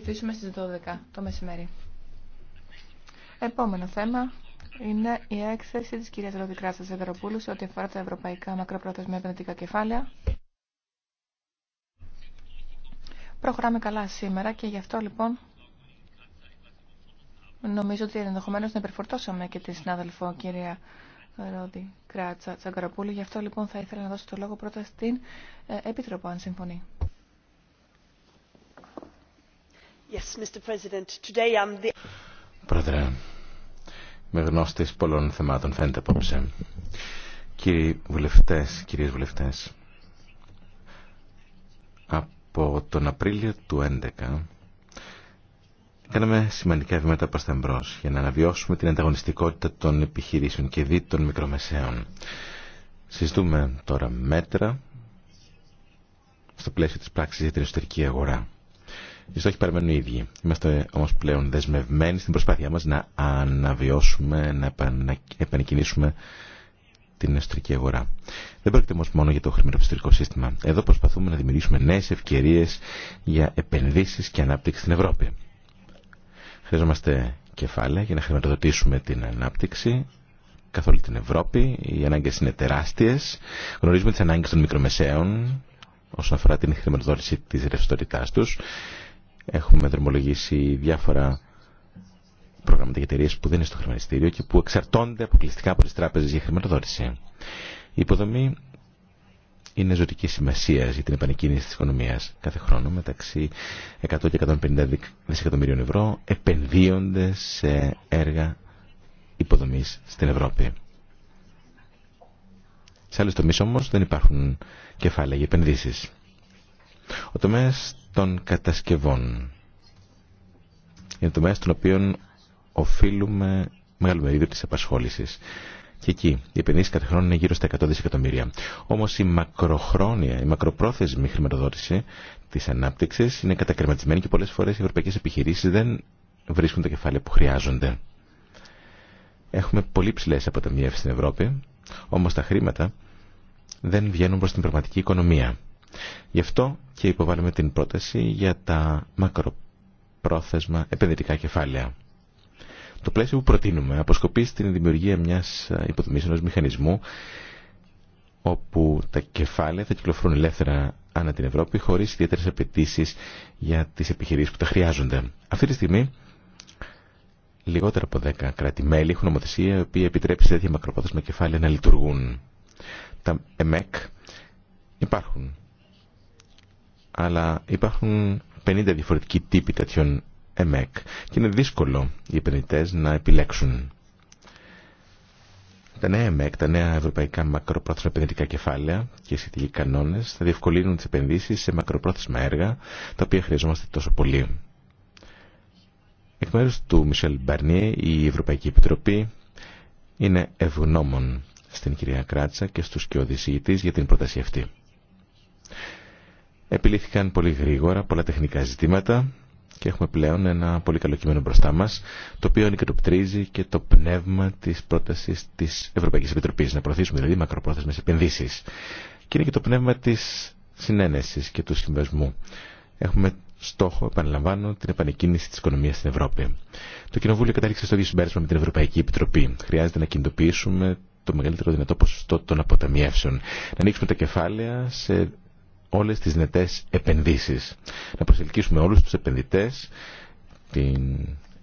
ψηφίσουμε στις 12 το μεσημέρι. Επόμενο θέμα είναι η έκθεση της κυρίας Ροδικράτσας Ευρωπούλου σε ό,τι αφορά τα ευρωπαϊκά μακροπρόθεσμα επενδυτικά κεφάλαια. Προχωράμε καλά σήμερα και γι' αυτό λοιπόν νομίζω ότι ενδεχομένω να υπερφορτώσαμε και τη συνάδελφο κυρία Ρόδη Κράτσα Τσαγκαροπούλου. Γι' αυτό λοιπόν θα ήθελα να δώσω το λόγο πρώτα στην ε, Επίτροπο αν συμφωνεί. Πρόεδρε, με γνώστης πολλών θεμάτων φαίνεται απόψε. Κύριοι βουλευτές, κυρίες βουλευτές, από τον Απρίλιο του 2011 κάναμε σημαντικά βήματα προ τα εμπρό για να αναβιώσουμε την ανταγωνιστικότητα των επιχειρήσεων και δι μικρομεσαίων. Συζητούμε τώρα μέτρα στο πλαίσιο της πράξης για την εσωτερική αγορά. Οι στόχοι παραμένουν οι ίδιοι. Είμαστε όμω πλέον δεσμευμένοι στην προσπάθειά μας να αναβιώσουμε, να επανεκκινήσουμε την εσωτερική αγορά. Δεν πρόκειται όμω μόνο για το χρηματοπιστωτικό σύστημα. Εδώ προσπαθούμε να δημιουργήσουμε νέε ευκαιρίε για επενδύσει και ανάπτυξη στην Ευρώπη. Χρειαζόμαστε κεφάλαια για να χρηματοδοτήσουμε την ανάπτυξη καθ' όλη την Ευρώπη. Οι ανάγκε είναι τεράστιε. Γνωρίζουμε τι ανάγκε των μικρομεσαίων όσον αφορά την χρηματοδότηση τη ρευστότητά του. Έχουμε δρομολογήσει διάφορα προγράμματα για εταιρείε που δεν είναι στο χρηματιστήριο και που εξαρτώνται αποκλειστικά από τι τράπεζε για χρηματοδότηση. Η υποδομή είναι ζωτική σημασία για την επανεκκίνηση τη οικονομία. Κάθε χρόνο μεταξύ 100 και 150 δισεκατομμυρίων ευρώ επενδύονται σε έργα υποδομή στην Ευρώπη. Σε άλλε τομεί όμω δεν υπάρχουν κεφάλαια για επενδύσει. Ο τομέας των κατασκευών είναι τομέας των οποίο οφείλουμε μεγάλο μερίδιο της απασχόλησης. Και εκεί οι επενδύσει κάθε χρόνο είναι γύρω στα 100 δισεκατομμύρια. Όμω η μακροχρόνια, η μακροπρόθεσμη χρηματοδότηση τη ανάπτυξη είναι κατακρεματισμένη και πολλέ φορέ οι ευρωπαϊκέ επιχειρήσει δεν βρίσκουν τα κεφάλαια που χρειάζονται. Έχουμε πολύ ψηλέ αποταμιεύσει στην Ευρώπη, όμω τα χρήματα δεν βγαίνουν προ την πραγματική οικονομία. Γι' αυτό και υποβάλλουμε την πρόταση για τα μακροπρόθεσμα επενδυτικά κεφάλαια. Το πλαίσιο που προτείνουμε αποσκοπεί στην δημιουργία μιας υποδομή, ενό μηχανισμού όπου τα κεφάλαια θα κυκλοφορούν ελεύθερα ανά την Ευρώπη χωρίς ιδιαίτερε απαιτήσει για τις επιχειρήσεις που τα χρειάζονται. Αυτή τη στιγμή λιγότερα από 10 κράτη-μέλη έχουν νομοθεσία η οποία επιτρέπει σε τέτοια μακροπρόθεσμα κεφάλαια να λειτουργούν. Τα ΕΜΕΚ υπάρχουν αλλά υπάρχουν 50 διαφορετικοί τύποι τέτοιων ΕΜΕΚ και είναι δύσκολο οι επενδυτέ να επιλέξουν. Τα νέα ΕΜΕΚ, τα νέα ευρωπαϊκά μακροπρόθεσμα επενδυτικά κεφάλαια και οι σχετικοί κανόνε θα διευκολύνουν τι επενδύσει σε μακροπρόθεσμα έργα τα οποία χρειαζόμαστε τόσο πολύ. Εκ μέρου του Μισελ Μπαρνιέ, η Ευρωπαϊκή Επιτροπή είναι ευγνώμων στην κυρία Κράτσα και στους κοιόδης για την πρόταση αυτή. Επιλήθηκαν πολύ γρήγορα πολλά τεχνικά ζητήματα και έχουμε πλέον ένα πολύ καλό κείμενο μπροστά μας, το οποίο ανικατοπτρίζει και το πνεύμα της πρότασης της Ευρωπαϊκής Επιτροπής, να προωθήσουμε δηλαδή μακροπρόθεσμες επενδύσεις. Και είναι και το πνεύμα της συνένεσης και του συμβασμού. Έχουμε στόχο, επαναλαμβάνω, την επανεκκίνηση τη οικονομία στην Ευρώπη. Το Κοινοβούλιο κατάληξε στο ίδιο συμπέρασμα με την Ευρωπαϊκή Επιτροπή. Χρειάζεται να κινητοποιήσουμε το μεγαλύτερο δυνατό ποσοστό των αποταμιεύσεων. Να ανοίξουμε τα κεφάλαια σε όλες τις νετές επενδύσεις. Να προσελκύσουμε όλους τους επενδυτές την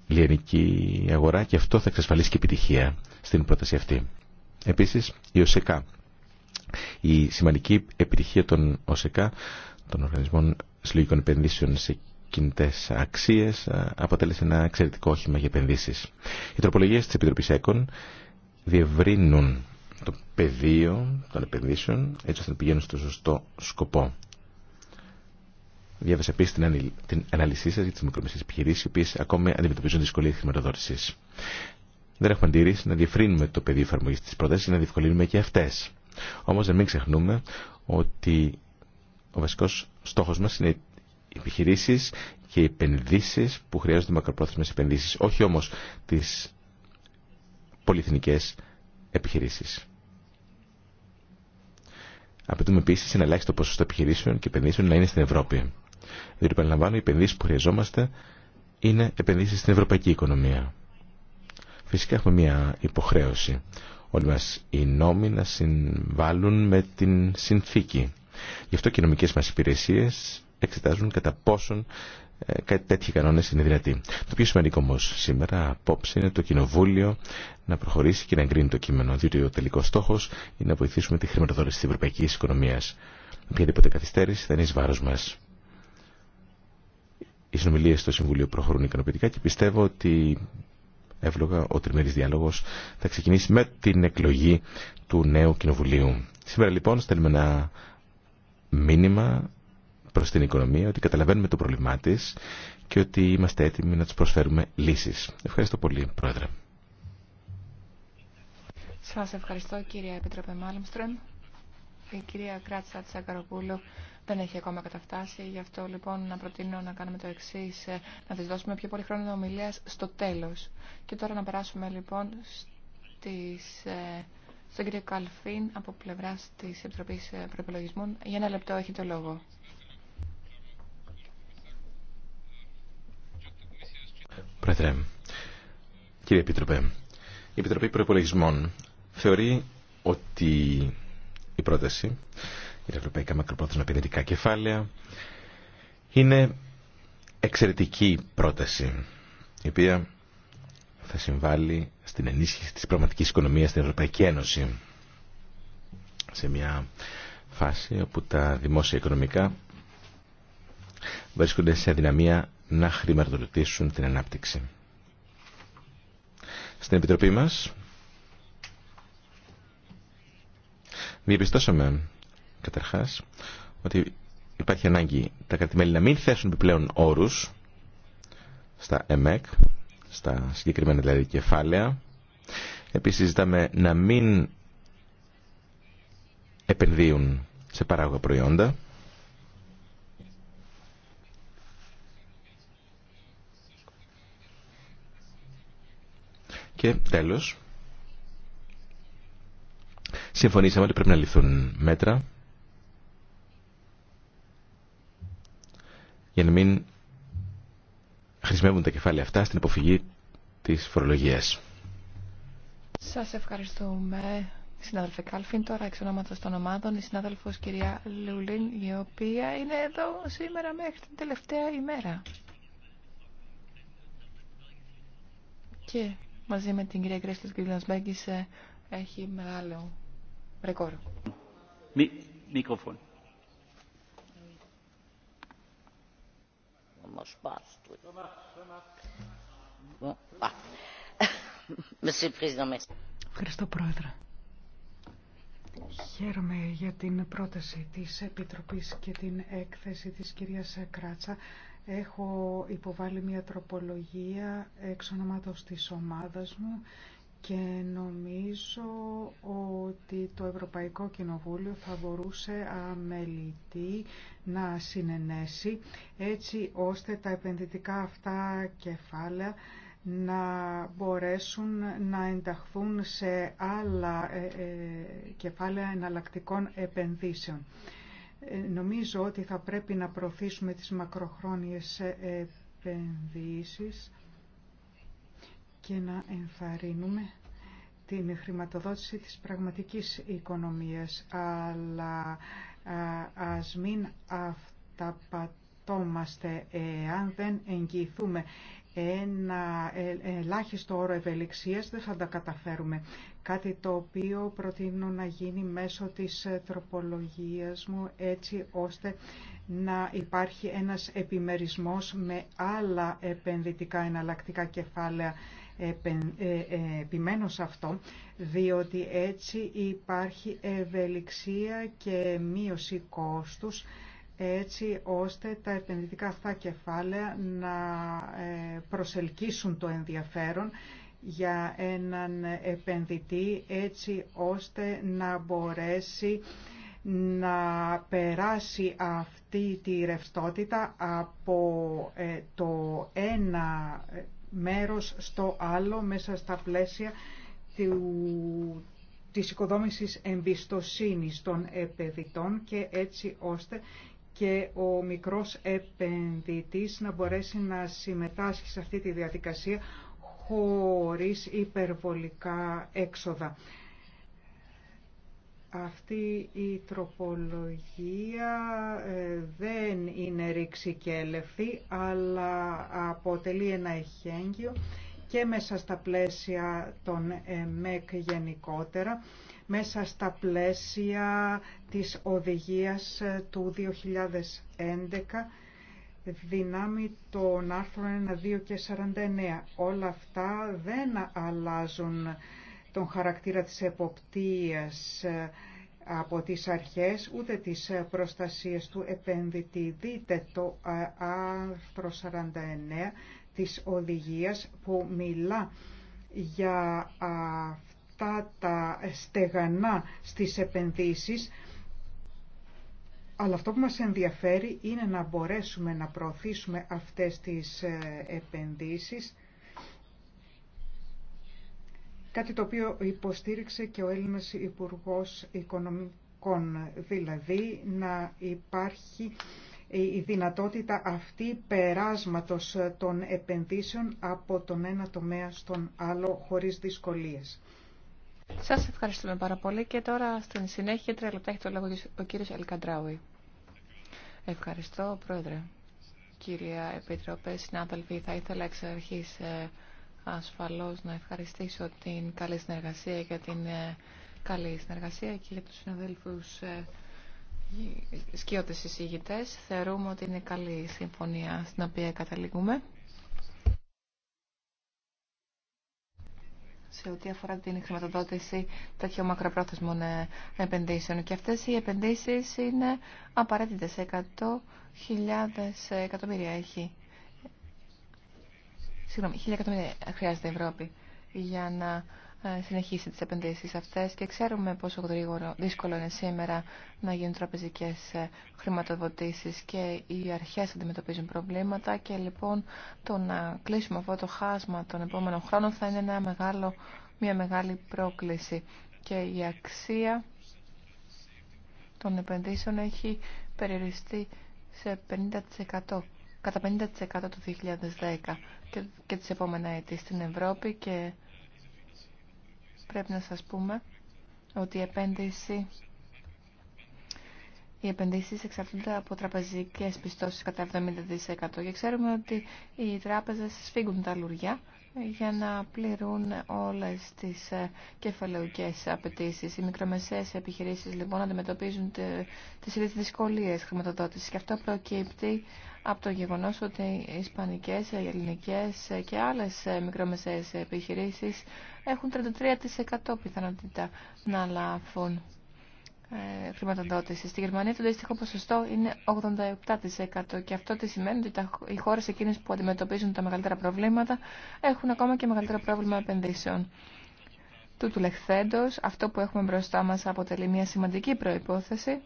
λιανική αγορά και αυτό θα εξασφαλίσει και επιτυχία στην πρόταση αυτή. Επίσης, η ΟΣΕΚΑ. Η σημαντική επιτυχία των ΟΣΕΚΑ, των Οργανισμών Συλλογικών Επενδύσεων σε κινητέ αξίες, αποτέλεσε ένα εξαιρετικό όχημα για επενδύσεις. Οι τροπολογίε τη Επιτροπή ΕΚΟΝ διευρύνουν το πεδίο των επενδύσεων έτσι ώστε να πηγαίνουν στο σωστό σκοπό. Διάβασα επίση την, την αναλυσή σα για τι μικρομεσαίε επιχειρήσει, οι οποίε ακόμη αντιμετωπίζουν δυσκολίε χρηματοδότηση. Δεν έχουμε αντίρρηση να διευρύνουμε το πεδίο εφαρμογή τη πρόταση και να διευκολύνουμε και αυτέ. Όμω δεν μην ξεχνούμε ότι ο βασικό στόχο μα είναι οι επιχειρήσει και οι επενδύσει που χρειάζονται μακροπρόθεσμε επενδύσει, όχι όμω τι πολυεθνικέ επιχειρήσει. Απαιτούμε επίση ένα ελάχιστο ποσοστό επιχειρήσεων και επενδύσεων να είναι στην Ευρώπη. Διότι, παραλαμβάνω, οι επενδύσει που χρειαζόμαστε είναι επενδύσει στην ευρωπαϊκή οικονομία. Φυσικά έχουμε μια υποχρέωση. Όλοι μα οι νόμοι να συμβάλλουν με την συνθήκη. Γι' αυτό και οι νομικέ μα υπηρεσίε εξετάζουν κατά πόσον ε, κάτι τέτοιοι κανόνε είναι δυνατοί. Το πιο σημαντικό όμω σήμερα απόψε είναι το Κοινοβούλιο να προχωρήσει και να εγκρίνει το κείμενο, διότι ο τελικό στόχο είναι να βοηθήσουμε τη χρηματοδότηση τη Ευρωπαϊκή οικονομίας. Οποιαδήποτε καθυστέρηση θα είναι ει βάρος μας. Οι συνομιλίε στο Συμβουλίο προχωρούν ικανοποιητικά και πιστεύω ότι εύλογα ο τριμερής διάλογο θα ξεκινήσει με την εκλογή του νέου Κοινοβουλίου. Σήμερα λοιπόν στέλνουμε ένα μήνυμα προς την οικονομία, ότι καταλαβαίνουμε το πρόβλημά τη και ότι είμαστε έτοιμοι να τους προσφέρουμε λύσεις. Ευχαριστώ πολύ, Πρόεδρε. Σας ευχαριστώ, κύριε Επιτροπέ Μάλμστρεμ. Η κυρία Κράτσα Τσακαροπούλου δεν έχει ακόμα καταφτάσει, γι' αυτό λοιπόν να προτείνω να κάνουμε το εξή, ε, να της δώσουμε πιο πολύ χρόνο ομιλία στο τέλος. Και τώρα να περάσουμε λοιπόν στις, ε, στον κύριο Καλφίν από πλευράς της Επιτροπής ε, Προπολογισμών. Για ένα λεπτό έχει το λόγο. Κύριε Επίτροπε, η Επιτροπή Προπολογισμών θεωρεί ότι η πρόταση για τα ευρωπαϊκά μακροπρόθεσμα επενδυτικά κεφάλαια είναι εξαιρετική πρόταση, η οποία θα συμβάλλει στην ενίσχυση της πραγματικής οικονομίας στην Ευρωπαϊκή Ένωση σε μια φάση όπου τα δημόσια οικονομικά βρίσκονται σε αδυναμία να χρηματοδοτήσουν την ανάπτυξη. Στην Επιτροπή μας διαπιστώσαμε καταρχάς ότι υπάρχει ανάγκη τα κρατημέλη να μην θέσουν επιπλέον όρους στα ΕΜΕΚ, στα συγκεκριμένα δηλαδή κεφάλαια. Επίσης ζητάμε να μην επενδύουν σε παράγωγα προϊόντα. Και τέλος, συμφωνήσαμε ότι πρέπει να λυθούν μέτρα για να μην χρησιμεύουν τα κεφάλαια αυτά στην αποφυγή της φορολογίας. Σας ευχαριστούμε. Συνάδελφε Κάλφιν, τώρα εξ ονόματος των ομάδων, η συνάδελφος κυρία Λουλίν, η οποία είναι εδώ σήμερα μέχρι την τελευταία ημέρα. Και μαζί με την κυρία Κρέστη Γκριλανσμπέγκη έχει μεγάλο ρεκόρ. Μι, μικρόφωνο. Ah. Ευχαριστώ, Πρόεδρε. Χαίρομαι για την πρόταση της Επιτροπής και την έκθεση της κυρίας Κράτσα Έχω υποβάλει μια τροπολογία εξ ονόματος της ομάδας μου και νομίζω ότι το Ευρωπαϊκό Κοινοβούλιο θα μπορούσε αμελητή να συνενέσει έτσι ώστε τα επενδυτικά αυτά κεφάλαια να μπορέσουν να ενταχθούν σε άλλα ε, ε, κεφάλαια εναλλακτικών επενδύσεων. Ε, νομίζω ότι θα πρέπει να προωθήσουμε τις μακροχρόνιες ε, επενδύσεις και να ενθαρρύνουμε την χρηματοδότηση της πραγματικής οικονομίας. Αλλά ας μην αυταπατώμαστε εάν δεν εγγυηθούμε ένα ε, ελάχιστο όρο ευελιξίας δεν θα τα καταφέρουμε. Κάτι το οποίο προτείνω να γίνει μέσω της ε, τροπολογίας μου έτσι ώστε να υπάρχει ένας επιμερισμός με άλλα επενδυτικά εναλλακτικά κεφάλαια ε, επιμένω σε αυτό, διότι έτσι υπάρχει ευελιξία και μείωση κόστους έτσι ώστε τα επενδυτικά αυτά κεφάλαια να ε, προσελκύσουν το ενδιαφέρον για έναν επενδυτή έτσι ώστε να μπορέσει να περάσει αυτή τη ρευστότητα από ε, το ένα μέρος στο άλλο μέσα στα πλαίσια του, της οικοδόμησης εμπιστοσύνης των επενδυτών και έτσι ώστε και ο μικρός επενδυτής να μπορέσει να συμμετάσχει σε αυτή τη διαδικασία χωρίς υπερβολικά έξοδα. Αυτή η τροπολογία ε, δεν είναι ρήξη και έλευθη, αλλά αποτελεί ένα εχέγγυο και μέσα στα πλαίσια των ΜΕΚ γενικότερα μέσα στα πλαίσια της οδηγίας ε, του 2011 δυνάμει των άρθρων 1, 2 και 49. Όλα αυτά δεν αλλάζουν τον χαρακτήρα της εποπτείας ε, από τις αρχές ούτε τις ε, προστασίες του επένδυτη. Δείτε το άρθρο 49 της οδηγίας που μιλά για αυτό τα στεγανά στις επενδύσεις, αλλά αυτό που μας ενδιαφέρει είναι να μπορέσουμε να προωθήσουμε αυτές τις ε, επενδύσεις, κάτι το οποίο υποστήριξε και ο Έλληνας Υπουργός Οικονομικών, δηλαδή να υπάρχει η δυνατότητα αυτή περάσματος των επενδύσεων από τον ένα τομέα στον άλλο χωρίς δυσκολίες. Σας ευχαριστούμε πάρα πολύ και τώρα στην συνέχεια τρία λεπτά έχει το λόγο ο κύριος Ελκαντράουι. Ευχαριστώ, Πρόεδρε. Κυρία Επιτροπέ, συνάδελφοι, θα ήθελα εξ αρχή ε, ασφαλώ να ευχαριστήσω την καλή συνεργασία για την ε, καλή συνεργασία και για τους συναδέλφους ε, σκιώτε εισηγητές. Θεωρούμε ότι είναι καλή συμφωνία στην οποία καταλήγουμε. σε ό,τι αφορά την χρηματοδότηση τέτοιων μακροπρόθεσμων ε, επενδύσεων. Και αυτέ οι επενδύσει είναι απαραίτητε 100.000 εκατομμύρια έχει. Συγγνώμη, 1.000 εκατομμύρια χρειάζεται η Ευρώπη για να ε, συνεχίσει τις επενδύσεις αυτές και ξέρουμε πόσο γρήγορο δύσκολο είναι σήμερα να γίνουν τραπεζικές ε, χρηματοδοτήσεις και οι αρχές αντιμετωπίζουν προβλήματα και λοιπόν το να κλείσουμε αυτό το χάσμα των επόμενων χρόνων θα είναι ένα μεγάλο, μια μεγάλη πρόκληση και η αξία των επενδύσεων έχει περιοριστεί σε 50% κατά 50% το 2010 και, και τις επόμενα έτη στην Ευρώπη και πρέπει να σας πούμε ότι η επένδυση οι επενδύσεις εξαρτούνται από τραπεζικές πιστώσεις κατά 70% και ξέρουμε ότι οι τράπεζες σφίγγουν τα λουριά για να πληρούν όλες τις ε, κεφαλαιοκές απαιτήσει. Οι μικρομεσαίες επιχειρήσεις λοιπόν αντιμετωπίζουν τις ίδιες δυσκολίες χρηματοδότησης και αυτό προκύπτει από το γεγονός ότι οι ισπανικές, οι ελληνικές και άλλες ε, μικρομεσαίες επιχειρήσεις έχουν 33% πιθανότητα να λάβουν ε, χρηματοδότηση. Στη Γερμανία το αντίστοιχο ποσοστό είναι 87% και αυτό τι σημαίνει ότι οι χώρε εκείνε που αντιμετωπίζουν τα μεγαλύτερα προβλήματα έχουν ακόμα και μεγαλύτερο πρόβλημα επενδύσεων. Τούτου λεχθέντο, αυτό που έχουμε μπροστά μα αποτελεί μια σημαντική προπόθεση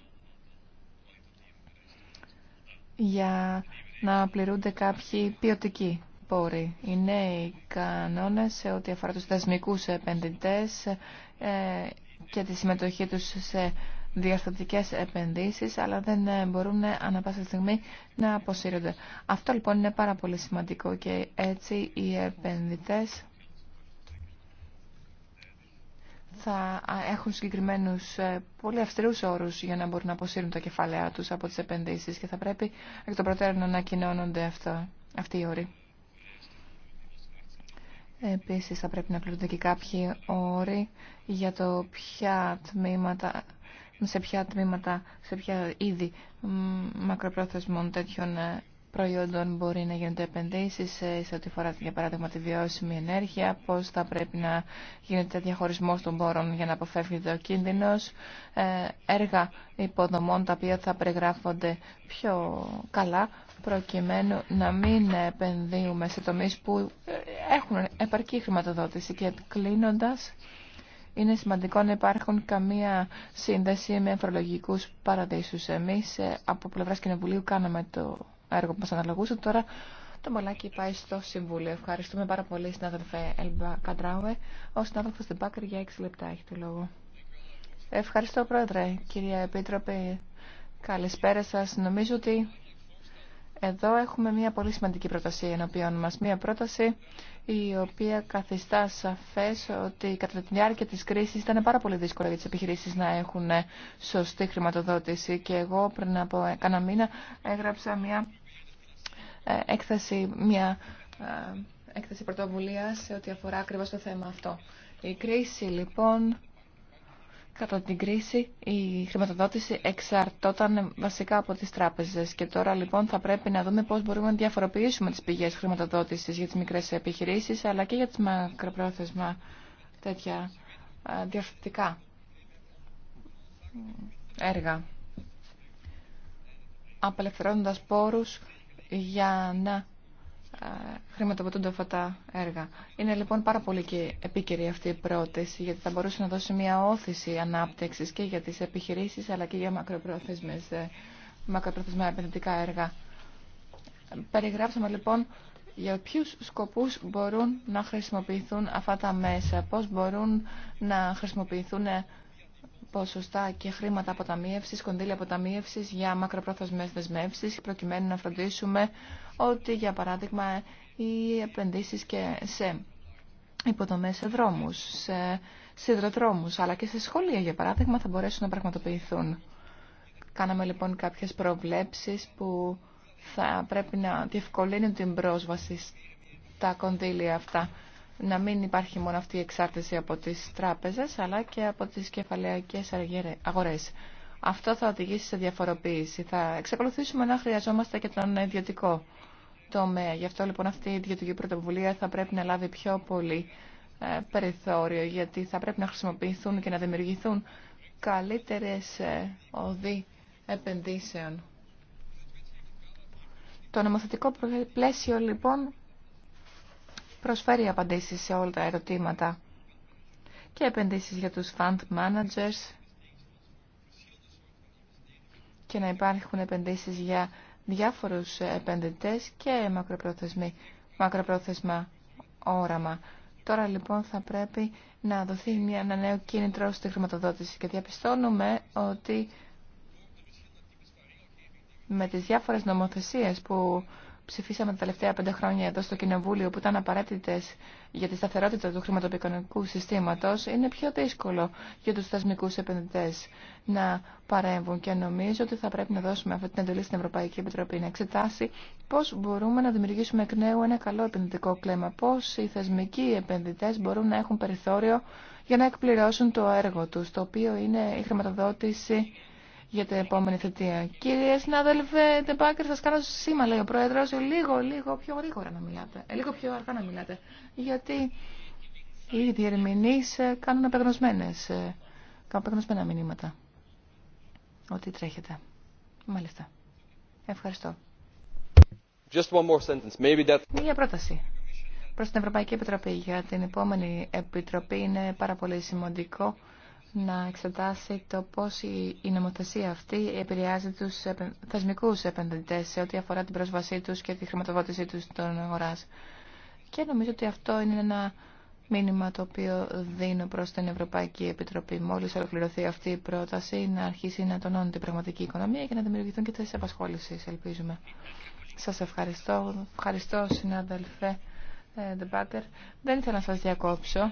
για να πληρούνται κάποιοι ποιοτικοί πόροι. Οι νέοι κανόνε σε ό,τι αφορά του δασμικούς επενδυτέ ε, και τη συμμετοχή τους σε διαστατικές επενδύσεις, αλλά δεν ε, μπορούν ε, ανά πάσα στιγμή να αποσύρονται. Αυτό λοιπόν είναι πάρα πολύ σημαντικό και έτσι οι επενδυτές θα έχουν συγκεκριμένους ε, πολύ αυστηρούς όρους για να μπορούν να αποσύρουν τα κεφαλαία τους από τις επενδύσεις και θα πρέπει εκ των προτέρων να ανακοινώνονται αυτό, αυτοί οι όροι. Επίσης θα πρέπει να πληρούνται και κάποιοι όροι για το ποια τμήματα σε ποια τμήματα, σε ποια είδη μακροπρόθεσμων τέτοιων ε, προϊόντων μπορεί να γίνονται επενδύσεις ε, σε ό,τι φορά για παράδειγμα τη βιώσιμη ενέργεια, πώς θα πρέπει να γίνεται διαχωρισμός των πόρων για να αποφεύγεται ο κίνδυνος, ε, έργα υποδομών τα οποία θα περιγράφονται πιο καλά προκειμένου να μην επενδύουμε σε τομείς που έχουν επαρκή χρηματοδότηση και κλείνοντας είναι σημαντικό να υπάρχουν καμία σύνδεση με φορολογικούς παραδείσους. Εμείς ε, από πλευράς Κοινοβουλίου κάναμε το έργο που μας αναλογούσε. Τώρα το μολάκι πάει στο Συμβούλιο. Ευχαριστούμε πάρα πολύ, συνάδελφε Ελμπα Καντράουε. Ο συνάδελφος Πάκρ για 6 λεπτά έχει το λόγο. Ευχαριστώ, Πρόεδρε, κυρία Επίτροπε. Καλησπέρα σας. Νομίζω ότι εδώ έχουμε μια πολύ σημαντική πρόταση ενώπιον μας. Μια πρόταση η οποία καθιστά σαφές ότι κατά τη διάρκεια της κρίσης ήταν πάρα πολύ δύσκολο για τις επιχειρήσεις να έχουν σωστή χρηματοδότηση. Και εγώ πριν από κάνα μήνα έγραψα μια ε, έκθεση, μια ε, έκθεση πρωτοβουλία σε ό,τι αφορά ακριβώς το θέμα αυτό. Η κρίση λοιπόν Κατά την κρίση η χρηματοδότηση εξαρτώταν βασικά από τις τράπεζες και τώρα λοιπόν θα πρέπει να δούμε πώς μπορούμε να διαφοροποιήσουμε τις πηγές χρηματοδότησης για τις μικρές επιχειρήσεις αλλά και για τις μακροπρόθεσμα τέτοια διαφορετικά έργα. Απελευθερώνοντας πόρους για να ε, χρηματοδοτούνται αυτά τα έργα. Είναι λοιπόν πάρα πολύ και επίκαιρη αυτή η πρόταση γιατί θα μπορούσε να δώσει μια όθηση ανάπτυξη και για τις επιχειρήσεις αλλά και για μακροπρόθεσμες, ε, μακροπρόθεσμα επενδυτικά έργα. Περιγράψαμε λοιπόν για ποιου σκοπούς μπορούν να χρησιμοποιηθούν αυτά τα μέσα, πώς μπορούν να χρησιμοποιηθούν ε, ποσοστά και χρήματα αποταμίευσης, κονδύλια αποταμίευσης για μακροπρόθεσμες δεσμεύσει, προκειμένου να φροντίσουμε ότι για παράδειγμα οι επενδύσεις και σε υποδομέ σε δρόμους, σε σιδηροδρόμου, αλλά και σε σχολεία για παράδειγμα θα μπορέσουν να πραγματοποιηθούν. Κάναμε λοιπόν κάποιες προβλέψεις που θα πρέπει να διευκολύνουν την πρόσβαση στα κονδύλια αυτά να μην υπάρχει μόνο αυτή η εξάρτηση από τις τράπεζες, αλλά και από τις κεφαλαϊκές αγορές. Αυτό θα οδηγήσει σε διαφοροποίηση. Θα εξακολουθήσουμε να χρειαζόμαστε και τον ιδιωτικό τομέα. Γι' αυτό λοιπόν αυτή η ιδιωτική πρωτοβουλία θα πρέπει να λάβει πιο πολύ ε, περιθώριο, γιατί θα πρέπει να χρησιμοποιηθούν και να δημιουργηθούν καλύτερες ε, οδοί επενδύσεων. Το νομοθετικό πλαίσιο λοιπόν προσφέρει απαντήσεις σε όλα τα ερωτήματα και επενδύσεις για τους fund managers και να υπάρχουν επενδύσεις για διάφορους επενδυτές και μακροπρόθεσμα όραμα. Τώρα λοιπόν θα πρέπει να δοθεί μια, ένα νέο κίνητρο στη χρηματοδότηση και διαπιστώνουμε ότι με τις διάφορες νομοθεσίες που ψηφίσαμε τα τελευταία πέντε χρόνια εδώ στο Κοινοβούλιο που ήταν απαραίτητε για τη σταθερότητα του χρηματοπικονικού συστήματο, είναι πιο δύσκολο για του θεσμικού επενδυτέ να παρέμβουν. Και νομίζω ότι θα πρέπει να δώσουμε αυτή την εντολή στην Ευρωπαϊκή Επιτροπή να εξετάσει πώ μπορούμε να δημιουργήσουμε εκ νέου ένα καλό επενδυτικό κλέμα. Πώ οι θεσμικοί επενδυτέ μπορούν να έχουν περιθώριο για να εκπληρώσουν το έργο του, το οποίο είναι η χρηματοδότηση για την επόμενη θετία. Κύριε συνάδελφε Τεπάκερ, σας κάνω σήμα, λέει ο πρόεδρο λίγο, λίγο πιο γρήγορα να μιλάτε, ε, λίγο πιο αργά να μιλάτε, γιατί οι διερμηνεί ε, κάνουν απεγνωσμένες, ε, κάνουν απεγνωσμένα μηνύματα, ότι τρέχετε. Μάλιστα. Ευχαριστώ. Just Μία πρόταση προς την Ευρωπαϊκή Επιτροπή για την επόμενη επιτροπή είναι πάρα πολύ σημαντικό να εξετάσει το πώς η νομοθεσία αυτή επηρεάζει τους θεσμικούς επενδυτές σε ό,τι αφορά την πρόσβασή τους και τη χρηματοδότησή τους στον αγοράς. Και νομίζω ότι αυτό είναι ένα μήνυμα το οποίο δίνω προς την Ευρωπαϊκή Επιτροπή. Μόλις ολοκληρωθεί αυτή η πρόταση να αρχίσει να τονώνει την πραγματική οικονομία και να δημιουργηθούν και θέσεις απασχόλησης, ελπίζουμε. Σας ευχαριστώ. Ευχαριστώ, συνάδελφε Ντεμπάκερ. Δεν ήθελα να σας διακόψω.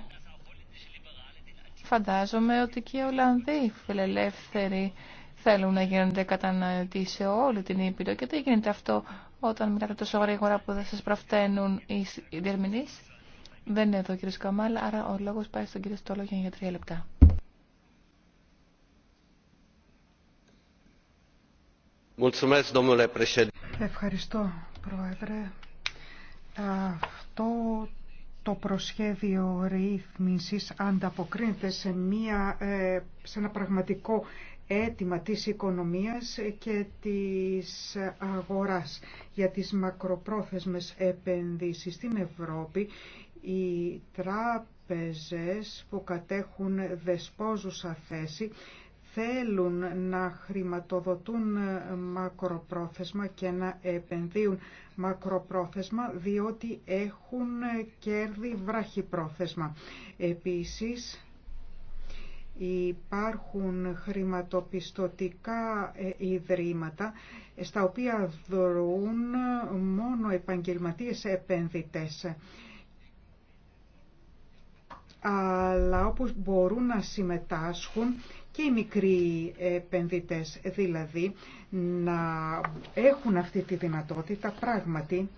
Φαντάζομαι ότι και οι Ολλανδοί φιλελεύθεροι θέλουν να γίνονται κατανοητοί σε όλη την Ήπειρο και δεν γίνεται αυτό όταν μιλάτε τόσο γρήγορα που δεν σας προφταίνουν οι διερμηνείς. Δεν είναι εδώ ο κύριος Καμάλ, άρα ο λόγος πάει στον κύριο Στόλογιαν για τρία λεπτά. Ευχαριστώ, Πρόεδρε. Αυτό το προσχέδιο ρύθμισης ανταποκρίνεται σε, μια, ε, σε ένα πραγματικό αίτημα της οικονομίας και της αγοράς για τις μακροπρόθεσμες επενδύσεις στην Ευρώπη. Οι τράπεζες που κατέχουν δεσπόζουσα θέση θέλουν να χρηματοδοτούν μακροπρόθεσμα και να επενδύουν μακροπρόθεσμα διότι έχουν κέρδη βραχυπρόθεσμα. Επίσης υπάρχουν χρηματοπιστωτικά ε, ιδρύματα στα οποία δρούν μόνο επαγγελματίες επενδυτές αλλά όπως μπορούν να συμμετάσχουν και οι μικροί επενδυτές, δηλαδή να έχουν αυτή τη δυνατότητα πράγματι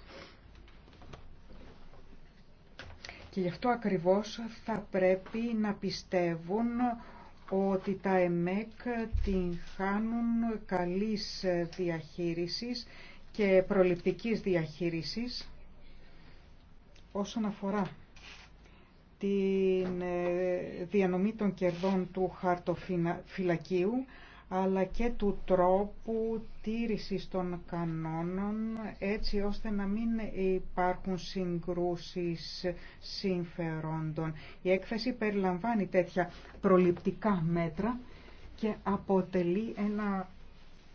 και γι' αυτό ακριβώς θα πρέπει να πιστεύουν ότι τα ΕΜΕΚ την χάνουν καλής διαχείρισης και προληπτικής διαχείρισης όσον αφορά τη διανομή των κερδών του χαρτοφυλακίου αλλά και του τρόπου τήρησης των κανόνων έτσι ώστε να μην υπάρχουν συγκρούσεις συμφερόντων. Η έκθεση περιλαμβάνει τέτοια προληπτικά μέτρα και αποτελεί ένα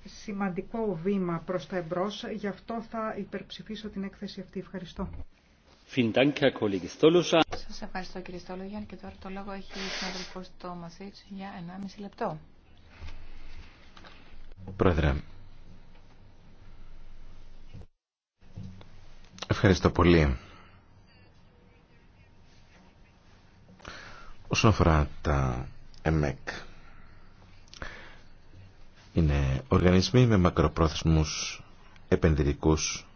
σημαντικό βήμα προς τα εμπρός. Γι' αυτό θα υπερψηφίσω την έκθεση αυτή. Ευχαριστώ. Σας ευχαριστώ κύριε Στόλογιαν και τώρα το λόγο έχει ο συνάδελφος Τόμασίτς για 1,5 λεπτό. Πρόεδρε, ευχαριστώ πολύ. Όσον αφορά τα ΕΜΕΚ, είναι οργανισμοί με μακροπρόθεσμους επενδυτικούς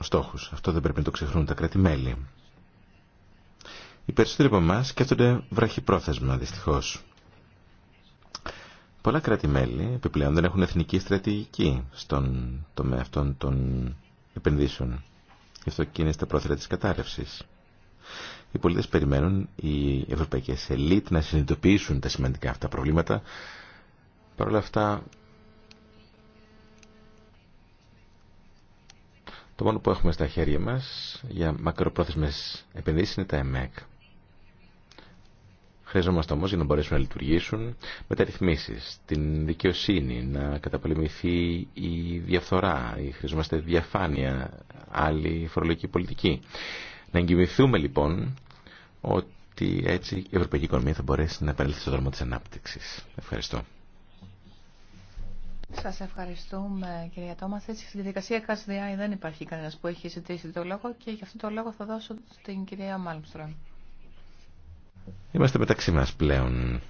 στόχους. Αυτό δεν πρέπει να το ξεχνούν τα κράτη-μέλη. Οι περισσότεροι από εμάς σκέφτονται βραχυπρόθεσμα, δυστυχώς. Πολλά κράτη-μέλη επιπλέον δεν έχουν εθνική στρατηγική στον τομέα αυτών των επενδύσεων. Γι' αυτό και είναι στα πρόθυρα της Οι πολίτες περιμένουν οι ευρωπαϊκές ελίτ να συνειδητοποιήσουν τα σημαντικά αυτά προβλήματα. Παρ' όλα αυτά Το μόνο που έχουμε στα χέρια μας για μακροπρόθεσμες επενδύσεις είναι τα ΕΜΕΚ. Χρειαζόμαστε όμως για να μπορέσουν να λειτουργήσουν μεταρρυθμίσεις, την δικαιοσύνη, να καταπολεμηθεί η διαφθορά, η χρειαζόμαστε διαφάνεια, άλλη φορολογική πολιτική. Να εγκυμηθουμε λοιπόν ότι έτσι η ευρωπαϊκή οικονομία θα μπορέσει να επανέλθει στο δρόμο της ανάπτυξης. Ευχαριστώ. Σας ευχαριστούμε κυρία Τόμα. Έτσι στη διαδικασία ΚΑΣΔΙΑΗ δεν υπάρχει κανένα που έχει ζητήσει το λόγο και γι' αυτό το λόγο θα δώσω στην κυρία Μάλμστρομ. Είμαστε μεταξύ μας πλέον.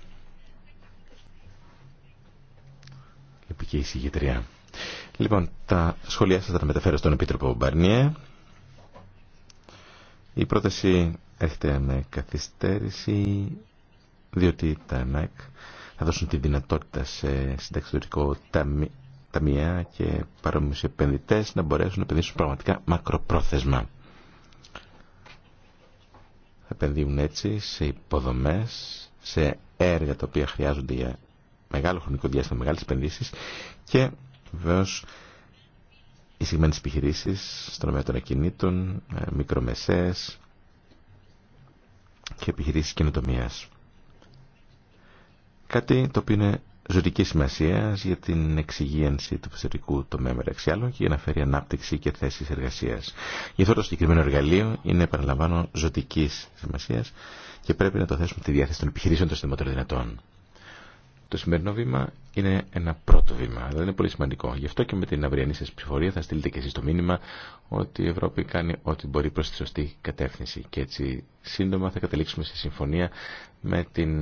Λυπική εισηγητρία. Λοιπόν, τα σχόλιά σας θα τα μεταφέρω στον Επίτροπο Μπαρνιέ. Η πρόταση έρχεται με καθυστέρηση, διότι τα ΕΜΕΚ θα δώσουν τη δυνατότητα σε συνταξιδοτικό ταμεία και παρόμοιους επενδυτές να μπορέσουν να επενδύσουν πραγματικά μακροπρόθεσμα. Θα επενδύουν έτσι σε υποδομές, σε έργα τα οποία χρειάζονται για μεγάλο χρονικό διάστημα, μεγάλες επενδύσεις και βεβαίω οι συγκεκριμένες επιχειρήσεις στον τομέα των ακινήτων, ε, μικρομεσαίες και επιχειρήσεις καινοτομίας. Κάτι το οποίο είναι ζωτική σημασία για την εξυγίανση του ψηφιακού τομέα μεταξύ άλλων και για να φέρει ανάπτυξη και θέσει εργασία. Γι' αυτό το συγκεκριμένο εργαλείο είναι, επαναλαμβάνω, ζωτική σημασία και πρέπει να το θέσουμε στη διάθεση των επιχειρήσεων των συντομότερων δυνατών. Το σημερινό βήμα είναι ένα πρώτο βήμα, αλλά είναι πολύ σημαντικό. Γι' αυτό και με την αυριανή σα ψηφορία θα στείλετε και εσεί το μήνυμα ότι η Ευρώπη κάνει ό,τι μπορεί προ τη σωστή κατεύθυνση και έτσι σύντομα θα καταλήξουμε σε συμφωνία με την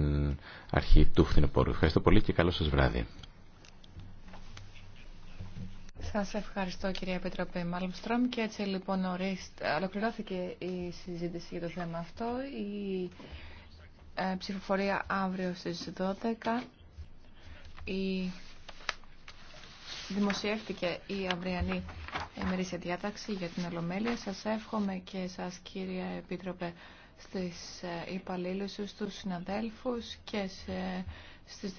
αρχή του φθινοπόρου. Ευχαριστώ πολύ και καλό σα βράδυ. Σα ευχαριστώ κυρία Επιτροπή Μάλμστρομ και έτσι λοιπόν ορίστε, ολοκληρώθηκε η συζήτηση για το θέμα αυτό. Η ε, ψηφοφορία αύριο στις 12. Η... Δημοσιεύτηκε η αυριανή ημερήσια διάταξη για την Ολομέλεια. Σας εύχομαι και σας κύριε Επίτροπε στις ε, υπαλλήλους, στους συναδέλφους και στις